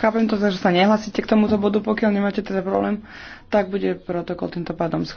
Chápem to, že sa nehlasíte k tomuto bodu, pokiaľ nemáte teda problém, tak bude protokol týmto pádom schválený.